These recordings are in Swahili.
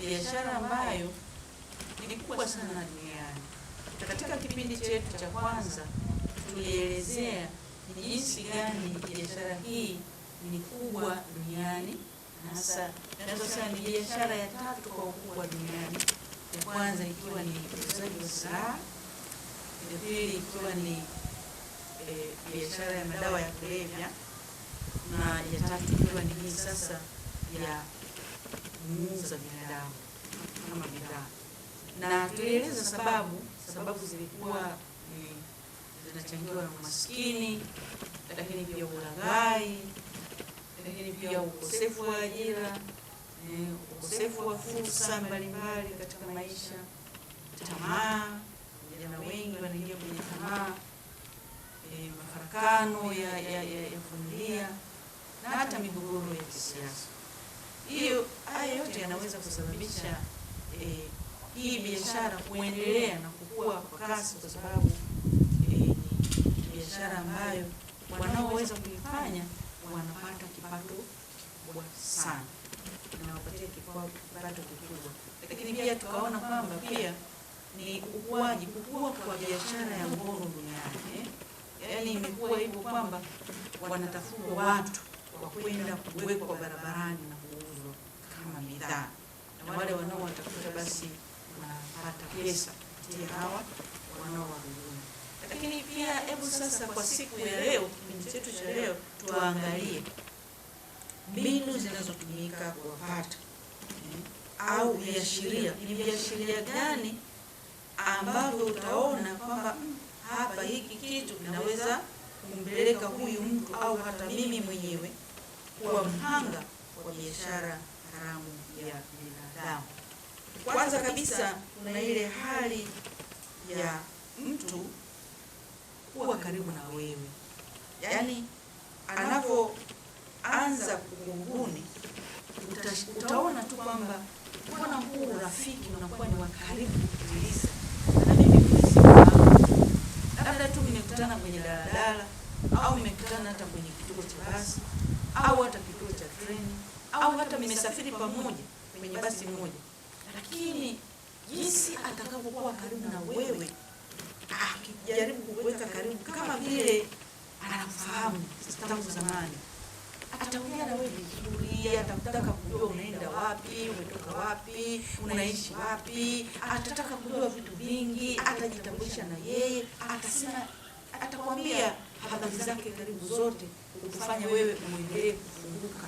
biashara ambayo ni kubwa sana duniani. Katika kipindi chetu cha kwanza tulielezea ni jinsi gani biashara hii ni kubwa duniani, hasa tunazosema ni biashara ya tatu kwa ukubwa duniani, ya kwanza ikiwa ni uuzaji wa silaha, ya pili ikiwa ni eh, biashara ya madawa ya kulevya na ya tatu ikiwa ni hii sasa ya muhimu za binadamu kama bidhaa, na tulieleza sababu. Sababu zilikuwa zinachangiwa na umaskini, lakini pia ulaghai, lakini pia ukosefu wa ajira eh, ukosefu wa fursa mbalimbali katika maisha, tamaa. Vijana wengi wanaingia kwenye tamaa eh, mafarakano ya, ya, ya, ya familia na hata migogoro ya kisiasa hiyo haya yote yanaweza kusababisha eh, hii biashara kuendelea na kukua kwa kasi, kwa sababu eh, ni biashara ambayo wanaoweza kuifanya wanapata kipato kikubwa sana, nawapatia kipato kikubwa. Lakini pia tukaona kwamba pia ni ukuaji, kukua kwa biashara ya ngono duniani eh? Yani imekuwa hivyo kwamba wanatafuta watu wa kwenda kuwekwa barabarani na bidhaa, na wale wanaowatafuta basi wanapata pesa kupitia hawa wanaowahudumia. Lakini pia hebu sasa, kwa siku ya leo, kipindi chetu cha leo, tuangalie mbinu zinazotumika kuwapata au viashiria, ni viashiria gani ambavyo utaona kwamba hmm, hapa hiki kitu kinaweza kumpeleka huyu mtu au hata mimi mwenyewe kuwa mhanga wa biashara haramu ya binadamu. Kwanza kabisa kuna ile hali ya mtu kuwa karibu na wewe, yaani anapoanza kugunguni utaona tu kwamba kuna huu urafiki unakuwa ni wa karibu kupitiliza. Na mimi labda tu nimekutana kwenye daladala au nimekutana hata kwenye kituo cha basi au hata kituo cha treni au hata mmesafiri pamoja kwenye basi moja, lakini jinsi atakavyokuwa karibu na wewe, akijaribu kukuweka karibu kama vile anakufahamu tangu zamani, ataongea na wewe vizuri, atakutaka kujua unaenda wapi, umetoka wapi, unaishi wapi, atataka kujua vitu vingi, atajitambulisha na yeye, atasema, atakwambia habari zake karibu zote, kufanya wewe uendelee kufunguka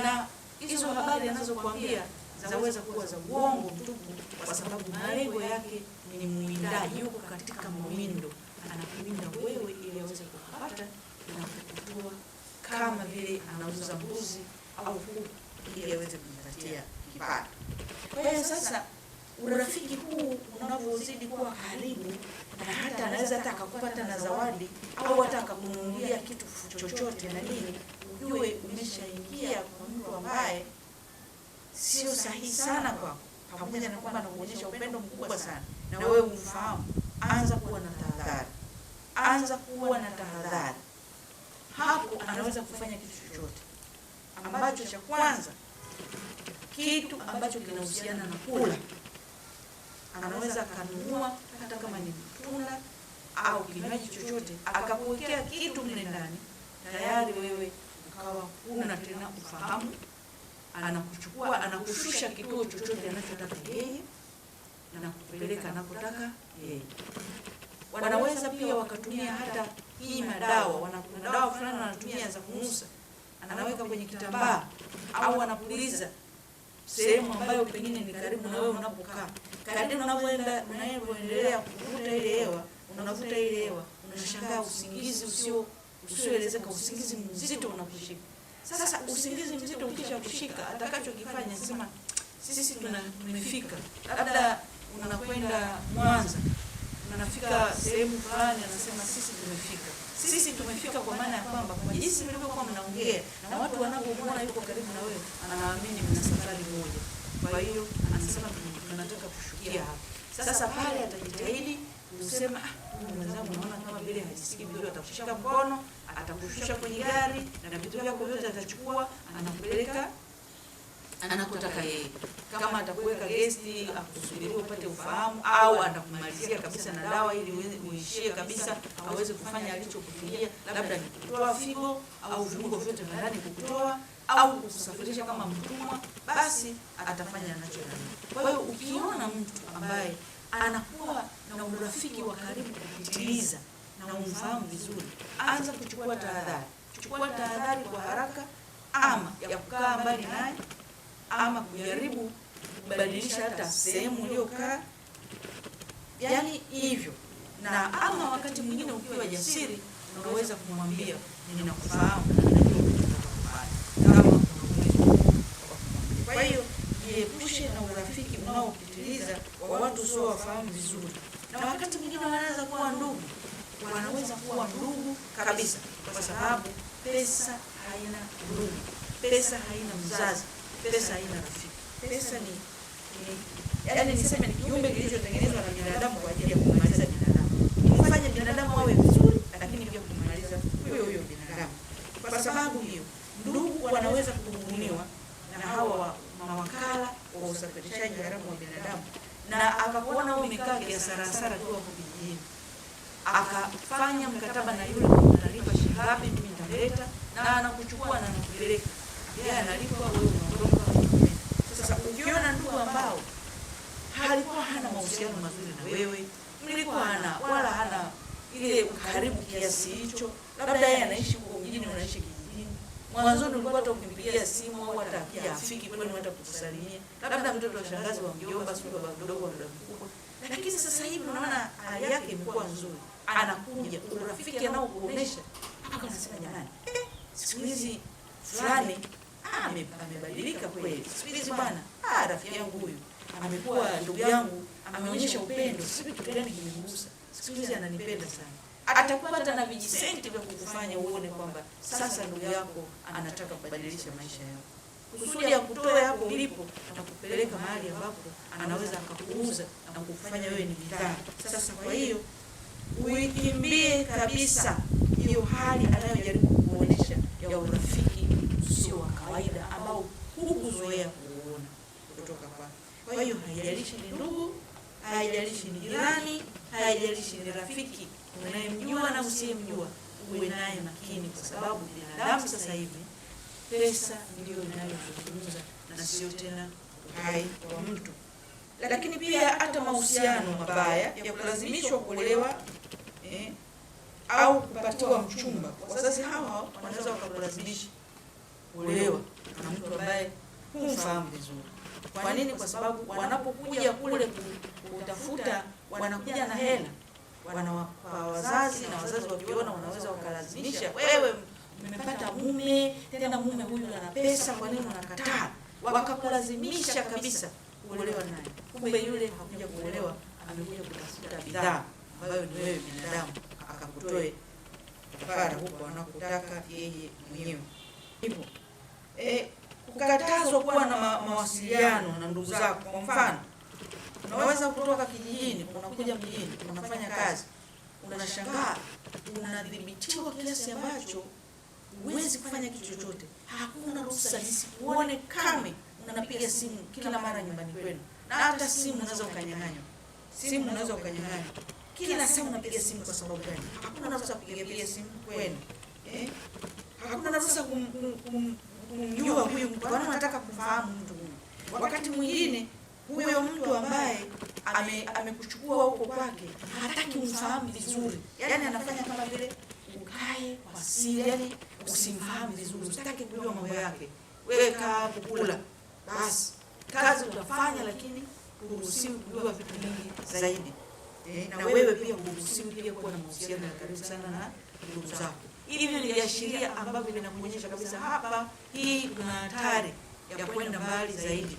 na hizo habari anazokuambia zaweza kuwa za uongo mtupu, kwa sababu malengo yake ni mwindaji, yuko katika mwindo, anakuwinda wewe ili aweze kupata na kukutua, kama vile anauza mbuzi au kuku ili aweze kujipatia kipato. Kwa hiyo sasa urafiki huu unavyozidi kuwa karibu, na hata anaweza hata akakupata na zawadi au hata akakununulia kitu chochote na nini ujue umeshaingia kwa mtu ambaye sio sahihi sana kwako, pamoja na kwamba anakuonyesha upendo mkubwa sana, na wewe umfahamu. Anza kuwa na tahadhari, anza kuwa na tahadhari. Hapo anaweza kufanya kitu chochote ambacho cha kwanza, kitu ambacho kinahusiana na kula, anaweza akanunua hata kama ni mtunda au kinywaji chochote, akakuwekea kitu mle ndani tayari wewe huna tena ufahamu, anakuchukua anakushusha kituo chochote anachotaka yeye na kupeleka anakotaka yeye. Wanaweza pia wakatumia hata hii madawa, wana dawa fulani wanatumia za kunusa, anaweka kwenye kitambaa au anapuliza sehemu ambayo pengine ni karibu na wewe unapokaa. Kadri unavyoenda unavyoendelea kuvuta ile hewa, unavuta ile hewa, unashangaa usingizi usio usiweleze kwa usingizi mzito unakushika. Sasa usingizi mzito ukisha kushika, atakachokifanya sema sisi tuna tumefika, labda unakwenda Mwanza, unafika sehemu fulani, anasema sisi tumefika. Sisi tumefika kwa maana ya kwamba kwa jinsi mlivyokuwa mnaongea na watu wanapomuona yuko karibu na wewe, anaamini mna safari moja. Kwa hiyo anasema tunataka kushukia hapa. Sasa pale atajitahidi kusema, ah, mwenzangu naona kama vile hajisikii vizuri, atakushika mkono atakushusha kwenye gari na vitu vyako vyote atachukua, anakupeleka anakotaka yeye. Kama atakuweka gesti akusubiria upate ufahamu, au atakumalizia kabisa na dawa ili uishie kabisa, aweze kufanya alichokufikia, labda ni kutoa figo au viungo vyote vya ndani kukutoa au kukusafirisha kama mtumwa, basi atafanya anacho. Kwa hiyo ukiona mtu ambaye anakuwa na urafiki wa karibu kupitiliza na umfahamu vizuri, anza kuchukua tahadhari. Chukua tahadhari kwa haraka, ama ya kukaa mbali naye, ama kujaribu kubadilisha hata sehemu uliyokaa, yaani, yaani hivyo na ama wakati mwingine ukiwa jasiri unaweza kumwambia ninakufahamu, kwa hiyo jiepushe na urafiki unaopitiliza wa watu sio wafahamu vizuri, na wakati mwingine wanaweza kuwa ndugu wanaweza kuwa ndugu kabisa, kwa sababu pesa haina ndugu, pesa haina mzazi, pesa haina rafiki. Pesa ni, ni, yaani niseme ni kiumbe kilichotengenezwa na binadamu kwa ajili ya kusalimia, labda mtoto wa shangazi wa mjomba, sio baba mdogo na mkubwa. Lakini sasa hivi unaona hali yake imekuwa nzuri, anakuja urafiki mpaka jamani, eh, siku hizi fulani ah, amebadilika kweli, siku hizi bwana, ah, rafiki yangu huyu amekuwa ndugu yangu, ameonyesha upendo, kitu gani kimemgusa, siku hizi ananipenda sana atakupata na vijisenti vya kukufanya uone kwamba sasa ndugu yako anataka kubadilisha maisha yako kusudi kutoa hapo ulipo atakupeleka mahali ambapo anaweza akakuuza na kukufanya wewe ni bidhaa. Sasa kwa hiyo uikimbie kabisa hiyo hali anayojaribu kuonesha ya urafiki sio wa kawaida ambao hukuzoea kuuona kutoka kwa. Kwa hiyo haijalishi ni ndugu, haijalishi ni jirani, haijalishi ni rafiki unayemjua na usiyemjua, uwe naye makini, kwa sababu binadamu sasa hivi pesa ndiyo inayozungumza na sio tena uhai wa mtu. Lakini pia hata mahusiano mabaya ya kulazimishwa kuolewa eh, au kupatiwa mchumba. Wazazi hawa wanaweza wakakulazimisha kuolewa na mtu ambaye humfahamu vizuri. Kwa nini? Kwa sababu wanapokuja kule kutafuta, wanakuja na hela, wanawapa wazazi, na wazazi wakiona, wanaweza wakalazimisha wewe nimepata mume tena mume huyu ana pesa, kwa nini unakataa? Wakakulazimisha kabisa kuolewa naye, kumbe yule hakuja kuolewa, amekuja kutafuta bidhaa ambayo ni wewe binadamu, akakutoe kafara huko anakotaka yeye mwenyewe. Hivyo eh, kukatazwa kuwa na ma mawasiliano na ndugu zako. Kwa mfano, unaweza kutoka kijijini unakuja mjini, unafanya kazi, unashangaa unadhibitiwa kiasi ambacho huwezi kufanya kitu chochote, hakuna ruhusa. Nisikuone kame unapiga simu kila mara nyumbani kwenu, na hata simu unaweza ukanyang'anywa, simu unaweza ukanyang'anywa kila saa unapiga simu. Kwa sababu gani? Hakuna ruhusa kupiga piga simu kwenu eh? Hakuna ruhusa kumjua huyu mtu, kwani unataka kufahamu mtu huyu. Wakati mwingine huyo mtu ambaye amekuchukua ame huko kwake hataki umfahamu vizuri, yani anafanya kama vile ukae kwa siri yani usimfahamu vizuri, usitaki kujua mambo yake, wewe kaa kukula basi, kazi utafanya, lakini uruhusiwi kujua vitu vingi zaidi eh, na wewe pia uruhusiwi pia kuwa na mahusiano ya karibu sana na ndugu zako. Hivyo ni viashiria ambavyo vinakuonyesha kabisa hapa, hii kuna hatari ya kwenda mbali zaidi,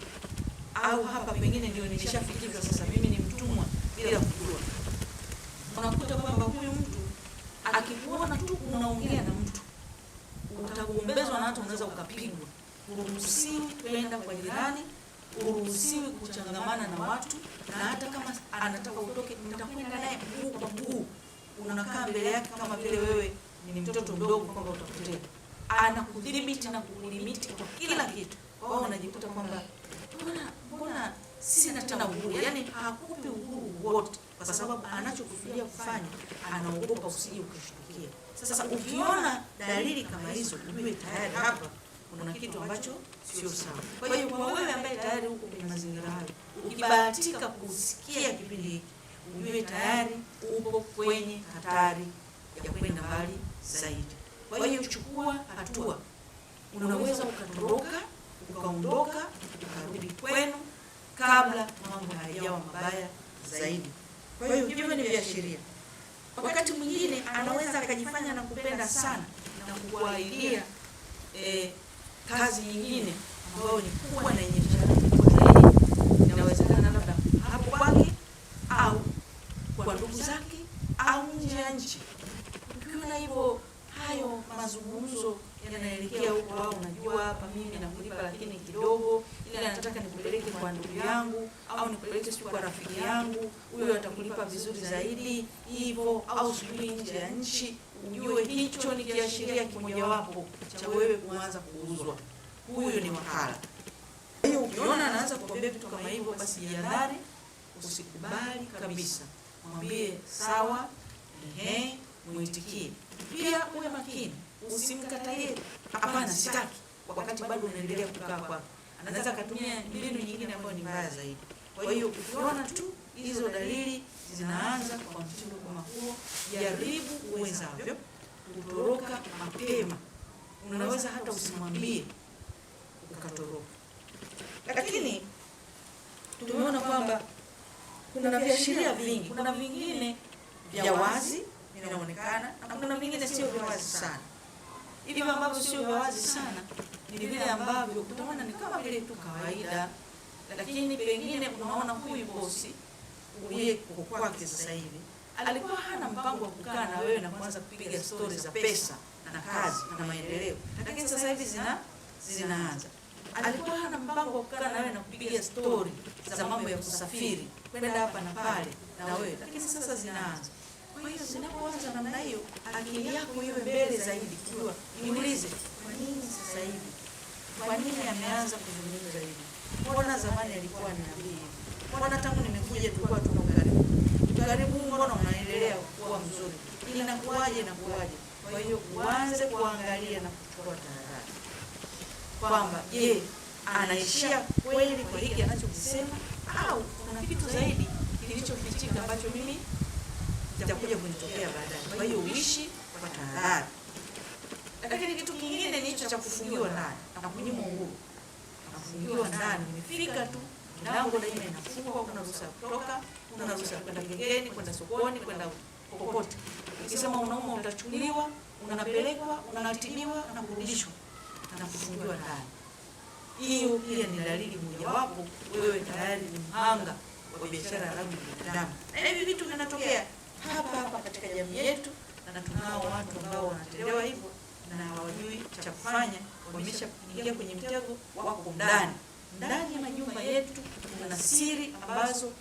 au hapa pengine ndio nilishafikishwa sasa, mimi ni mtumwa bila kujua. Unakuta kwamba huyu mtu akikuona tu unaongea na mtu utagombezwa na watu, unaweza ukapigwa. Uruhusiwi kwenda kwa jirani, uruhusiwi kuchangamana na watu, na hata kama anataka utoke, nitakwenda naye mguu kwa mguu, unakaa mbele yake kama vile wewe ni mtoto mdogo, kwamba utapotea. Anakudhibiti na kulimiti kwa kila kitu, kwao unajikuta kwamba mbona sina tena uhuru, yani hakupi uhuru wote, kwa sababu anachokufikiria kufanya, anaogopa usije ukishtukia sasa ukiona dalili kama hizo, ujue tayari hapa kuna kitu ambacho sio sawa. Kwa hiyo kwa wewe ambaye tayari huko kwenye mazingira hayo, ukibahatika kusikia kipindi hiki, ujue tayari upo kwenye hatari ya kwenda mbali zaidi. Kwa hiyo chukua hatua. Unaweza ukatoroka, ukaondoka, ukarudi kwenu kabla mambo hayajawa mabaya zaidi. Kwa hiyo hivyo ni viashiria. Wakati mwingine anaweza akajifanya na kupenda sana na kukuahidia eh, kazi nyingine ambayo ni kubwa na yenye mshahara mkubwa, inawezekana labda hapo kwake au kwa ndugu zake au nje ya nchi, ukiona hivyo hayo mazungumzo yanaelekea huko, wao unajua hapa mimi nakulipa lakini kidogo, ila nataka nikupeleke kwa ndugu yangu au nikupeleke sijui kwa rafiki yangu, huyo atakulipa vizuri zaidi hivyo, au sijui nje ya nchi. Ujue hicho ni kiashiria kimojawapo cha wewe kuanza kuuzwa. huyo ni wakala. hiyo ukiona anaanza kukwambia vitu kama hivyo, basi jihadhari, usikubali kabisa, mwambie sawa, ehe mwitikie. Pia uwe makini, usimkatalie hapana, sitaki, wakati bado unaendelea kukaa kwako. Anaweza akatumia mbinu nyingine ambayo ni mbaya zaidi. Kwa hiyo ukiona tu hizo dalili zinaanza kwa mtindo kama huo, jaribu uwezavyo kutoroka mapema. Unaweza hata usimwambie ukatoroka, lakini tumeona kwamba kuna viashiria vingi, kuna vingine vya wazi vinaonekana na kuna mingine sio vya wazi sana. Hivyo ambavyo sio vya wazi sana ni vile ambavyo utaona ni kama vile tu kawaida, lakini pengine unaona huyu bosi uliyeko kwake sasa hivi alikuwa hana mpango wa kukaa na wewe na kuanza kupiga stori za pesa na kazi na maendeleo, lakini sasa hivi zina zinaanza. Alikuwa hana mpango wa kukaa na wewe na kupiga stori za mambo ya kusafiri kwenda hapa na pale na wewe, lakini sasa zinaanza. Kwa hiyo zinapoanza namna hiyo, akili yako iwe mbele zaidi, kujua niulize, kwa nini sasa hivi, kwa nini ameanza kuzungumza hivi? Mbona zamani alikuwa ni nabii? Mbona tangu nimekuja tulikuwa tuko karibu karibu, mbona unaendelea kuwa mzuri? Inakuwaje? Nakuwaje? Kwa hiyo uanze kuangalia na kuchukua tahadhari kwamba je, anaishia kweli kwa hiki anachokisema, au kuna kitu zaidi kilichofichika ambacho mimi itakuja kunitokea baadaye. Kwa hiyo uishi kwa tahadhari. Lakini kitu kingine ni hicho cha kufungiwa ndani na kunyimwa uhuru. Nafungiwa ndani, nimefika tu milango daima inafungwa, kuna ruhusa kutoka, kuna ruhusa kwenda gengeni, kwenda sokoni, kwenda popote. Ukisema unauma utachukuliwa, unapelekwa, unatibiwa na kurudishwa na kufungiwa ndani. Hiyo pia ni dalili mojawapo, wewe tayari ni mhanga wa biashara haramu ya binadamu, na hivi vitu vinatokea hapa hapa katika jamii yetu, na tunao watu ambao wanatendewa hivyo na hawajui cha kufanya, wameshaingia kwenye mtego, wako ndani ndani ya majumba yetu. Kuna siri ambazo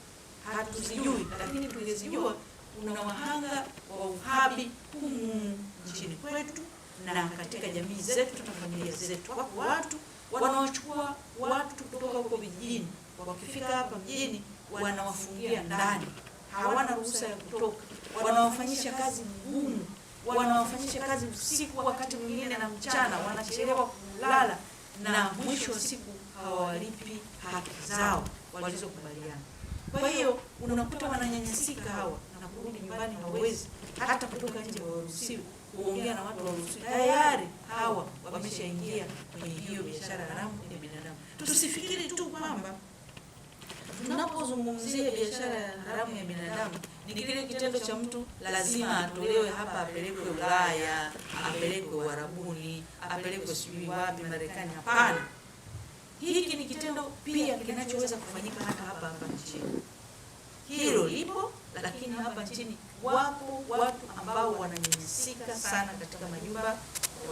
hatuzijui, lakini tungezijua, kuna wahanga wa uhabi humu nchini kwetu na katika jamii zetu na familia zetu. Wako watu wanaochukua watu kutoka huko vijijini, wakifika hapa mjini wanawafungia ndani hawana ruhusa ya kutoka, wanawafanyisha kazi ngumu, wanawafanyisha kazi usiku, wakati mwingine na mchana, wanachelewa kulala, na mwisho wa siku hawawalipi haki zao walizokubaliana. Kwa hiyo unakuta wananyanyasika hawa na kurudi nyumbani hawawezi, hata kutoka nje hawaruhusiwi kuongea na watu waruhusiwi. Tayari hawa wameshaingia kwenye hiyo biashara haramu ya binadamu. Tusifikiri tu kwamba Tunapozungumzia biashara ya haramu ya binadamu, ni kile kitendo cha mtu lazima atolewe hapa, apelekwe Ulaya, apelekwe Uarabuni, apelekwe sijui wapi, Marekani. Hapana, hiki ni kitendo pia kinachoweza kufanyika hata hapa hapa nchini. Hilo lipo, lakini hapa nchini wapo watu ambao wananyanyasika sana katika majumba ya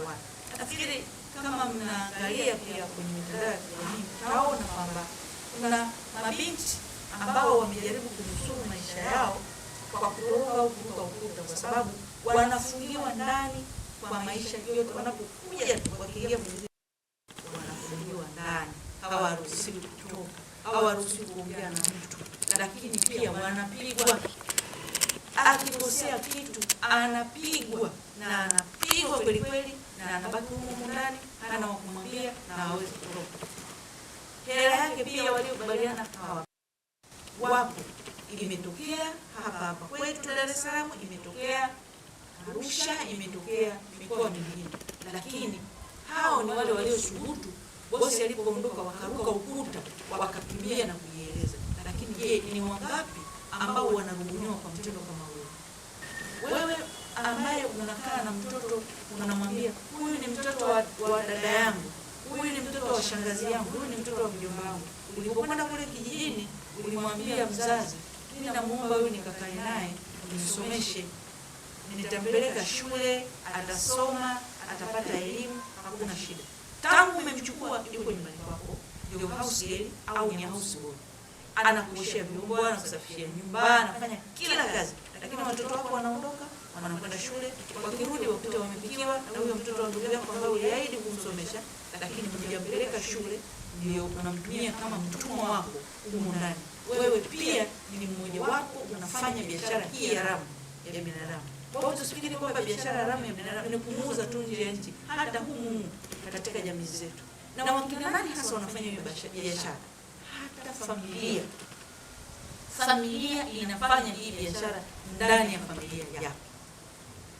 watu. Nafikiri kama mnaangalia pia kwenye mitandao ya kijamii, mtaona kwamba kuna mabinti ambao wamejaribu kunusuru maisha yao kwa kutoroka au kuruka ukuta, kwa sababu wanafungiwa ndani kwa maisha yote. Wanapokuja wakiingia wanafungiwa ndani, hawaruhusiwi kutoka, hawaruhusiwi kuongea na mtu, lakini pia wanapigwa. Akikosea kitu anapigwa na anapigwa kweli kweli, na anabaki huko ndani, hana wa kumwambia na hawezi kutoroka. Hela yake pia waliokubaliana hawa wapo, imetokea hapa hapa kwetu Dar es Salaam, imetokea Arusha, imetokea mikoa mingine, lakini hao ni wale walioshuhudu bosi alipoondoka, wakaruka ukuta wakakimbia na kujieleza. Lakini je, ni wangapi ambao wanarubuniwa kwa mtindo kama huo? Wewe ambaye unakaa na mtoto unamwambia huyu ni mtoto wa, wa dada yangu huyu ni mtoto wa shangazi yangu, huyu ni mtoto wa mjomba wangu. Ulipokwenda kule kijijini, ulimwambia mzazi, mimi namuomba huyu nikakae naye nimsomeshe, nitampeleka shule, atasoma, atapata elimu, hakuna shida. Tangu umemchukua yuko nyumbani kwako, ndio house girl au ni house boy, anakuoshea vyombo, anakusafishia nyumba, anafanya kila kazi, lakini watoto wako wanaondoka wanakwenda shule, wakirudi wakuta wamepikiwa na huyo mtoto wa ndugu yako ambaye uliahidi kumsomesha, lakini hujampeleka shule, ndio unamtumia kama mtumwa wako humo ndani. Wewe pia ni mmoja wako, unafanya biashara hii haramu ya binadamu. Kwa hiyo usifikiri kwamba biashara haramu ya binadamu ni kumuuza tu nje ya nchi, hata humu katika jamii zetu. Na wakina nani hasa wanafanya hiyo biashara? Hata familia, familia inafanya hii biashara ndani ya familia yako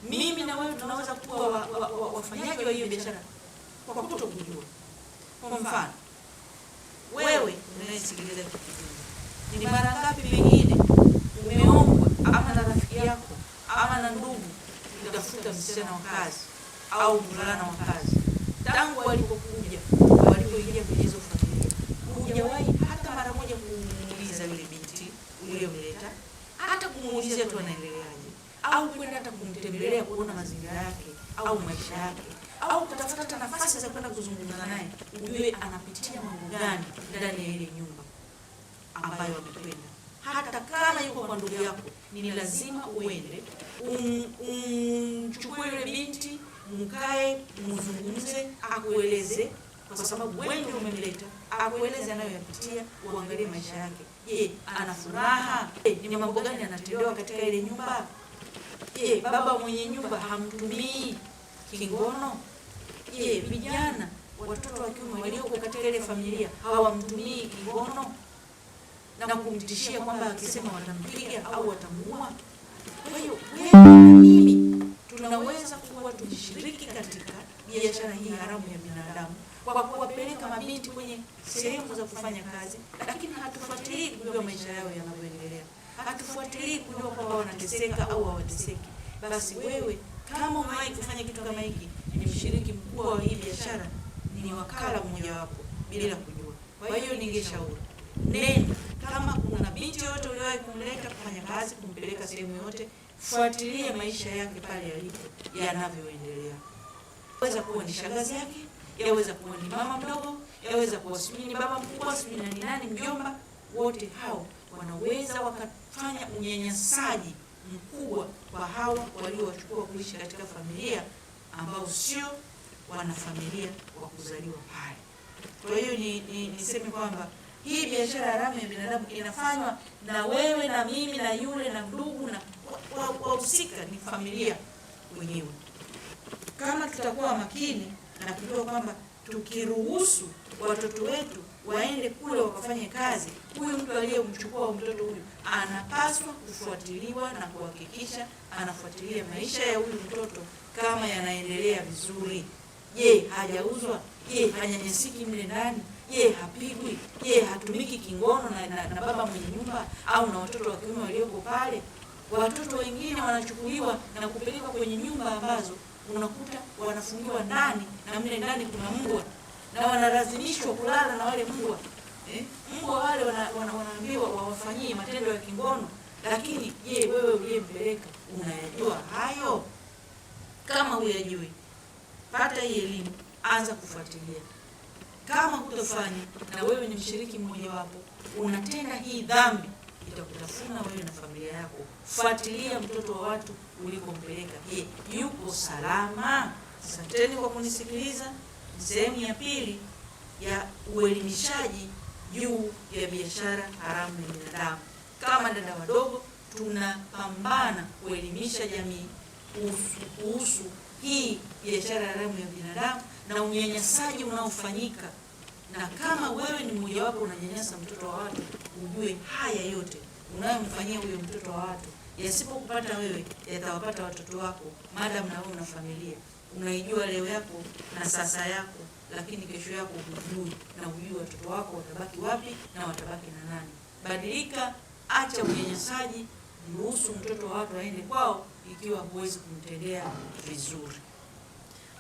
mimi na wewe tunaweza kuwa wafanyaji wa hiyo biashara kwa kutokujua. kujua. Kwa mfano wewe unayesikiliza kipindi, ni mara ngapi pengine umeombwa ama na rafiki yako ama na ndugu kutafuta msichana wa kazi au mvulana wa kazi, tangu walipokuja walipoingia kwenye hizo familia, hujawahi hata mara moja kumuuliza yule binti uliyomleta, hata kumuulizia tu anaendeleaje au kwenda hata kumtembelea kuona mazingira yake au maisha yake au kutafuta hata nafasi za kwenda kuzungumza naye, ujue anapitia mambo gani ndani ya ile nyumba ambayo amekwenda. Hata kama yuko kwa ndugu yako, ni lazima uende um, umchukue yule binti, mkae mzungumze, akueleze kwa sababu wewe ndio umemleta, akueleze anayoyapitia, uangalie maisha yake. Je, ana furaha? ni mambo gani anatendewa katika ile nyumba? Je, baba mwenye nyumba hamtumii kingono? Je, vijana watoto wa kiume walioko katika ile familia hawamtumii kingono na kumtishia kwamba akisema watampiga au watamuua? Kwa hiyo wewe na mimi tunaweza kuwa tushiriki katika biashara hii haramu ya binadamu kwa kuwapeleka mabinti kwenye sehemu za kufanya kazi, lakini hatufuatilii kujua maisha yao yanavyoendelea hatufuatilii kujua kwamba wanateseka au hawateseki. Basi wewe kama umewahi kufanya kitu kama hiki, ni mshiriki mkubwa wa hii biashara, ni wakala mmojawapo bila kujua. Kwa hiyo ningeshauri nenda, kama kuna binti yoyote uliowahi kumleta kufanya kazi, kumpeleka sehemu yote fuatilia maisha yake pale yalipo yanavyoendelea. Weza kuwa ni shangazi yake, yaweza kuwa ni mama mdogo, yaweza kuwa sijui ni baba mkubwa, sijui ni nani, mjomba, wote hao wanaweza wakafanya unyanyasaji mkubwa kwa hawa waliowachukua kuishi katika familia ambao sio wanafamilia wa kuzaliwa pale. Kwa hiyo ni, ni, niseme kwamba hii biashara haramu ya binadamu inafanywa na wewe na mimi na yule na ndugu na wahusika wa, wa ni familia wenyewe. Kama tutakuwa makini na kujua kwamba tukiruhusu watoto wetu waende kule wakafanye kazi, huyu mtu aliyemchukua mtoto huyu anapaswa kufuatiliwa na kuhakikisha anafuatilia maisha ya huyu mtoto kama yanaendelea vizuri. Je, hajauzwa? Je, hanyanyasiki mle ndani? Je, hapigwi? Je, hatumiki kingono na, na, na baba mwenye nyumba au na watoto wa kiume walioko pale? Watoto wengine wanachukuliwa na kupelekwa kwenye nyumba ambazo unakuta wanafungiwa ndani na mle ndani kuna mbwa na wanalazimishwa kulala na wale mbwa eh? Mbwa wale wanaambiwa wana wawafanyie matendo ya kingono, lakini je, wewe uliyempeleka unayajua hayo? Kama huyajui, pata hii elimu, anza kufuatilia. Kama hutofanya, na wewe ni mshiriki mmojawapo, unatenda hii dhambi sana wewe na familia yako. Fuatilia mtoto wa watu ulikompeleka, je, yuko salama? Asanteni kwa kunisikiliza. sehemu ya pili ya uelimishaji juu ya biashara haramu ya binadamu. Kama dada wadogo, tunapambana kuelimisha jamii kuhusu hii biashara haramu ya binadamu na unyanyasaji unaofanyika na kama wewe ni mmojawapo unanyanyasa mtoto wa watu, ujue haya yote unayomfanyia huyo mtoto wa watu yasipokupata wewe, yatawapata watoto wako, madam na wewe una familia. Unaijua leo yako na sasa yako, lakini kesho yako hujui, na hujui watoto wako watabaki wapi na watabaki na nani. Badilika, acha unyanyasaji, mruhusu mtoto wa watu aende kwao, ikiwa huwezi kumtendea vizuri.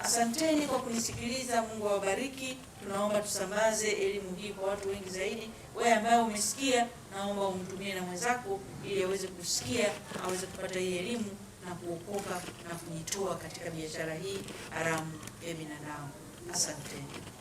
Asanteni kwa kunisikiliza. Mungu awabariki. Tunaomba tusambaze elimu hii kwa watu wengi zaidi. Wewe ambaye umesikia, naomba umtumie na mwenzako, ili aweze kusikia, aweze kupata hii elimu na kuokoka na kujitoa katika biashara hii haramu ya binadamu. Asanteni.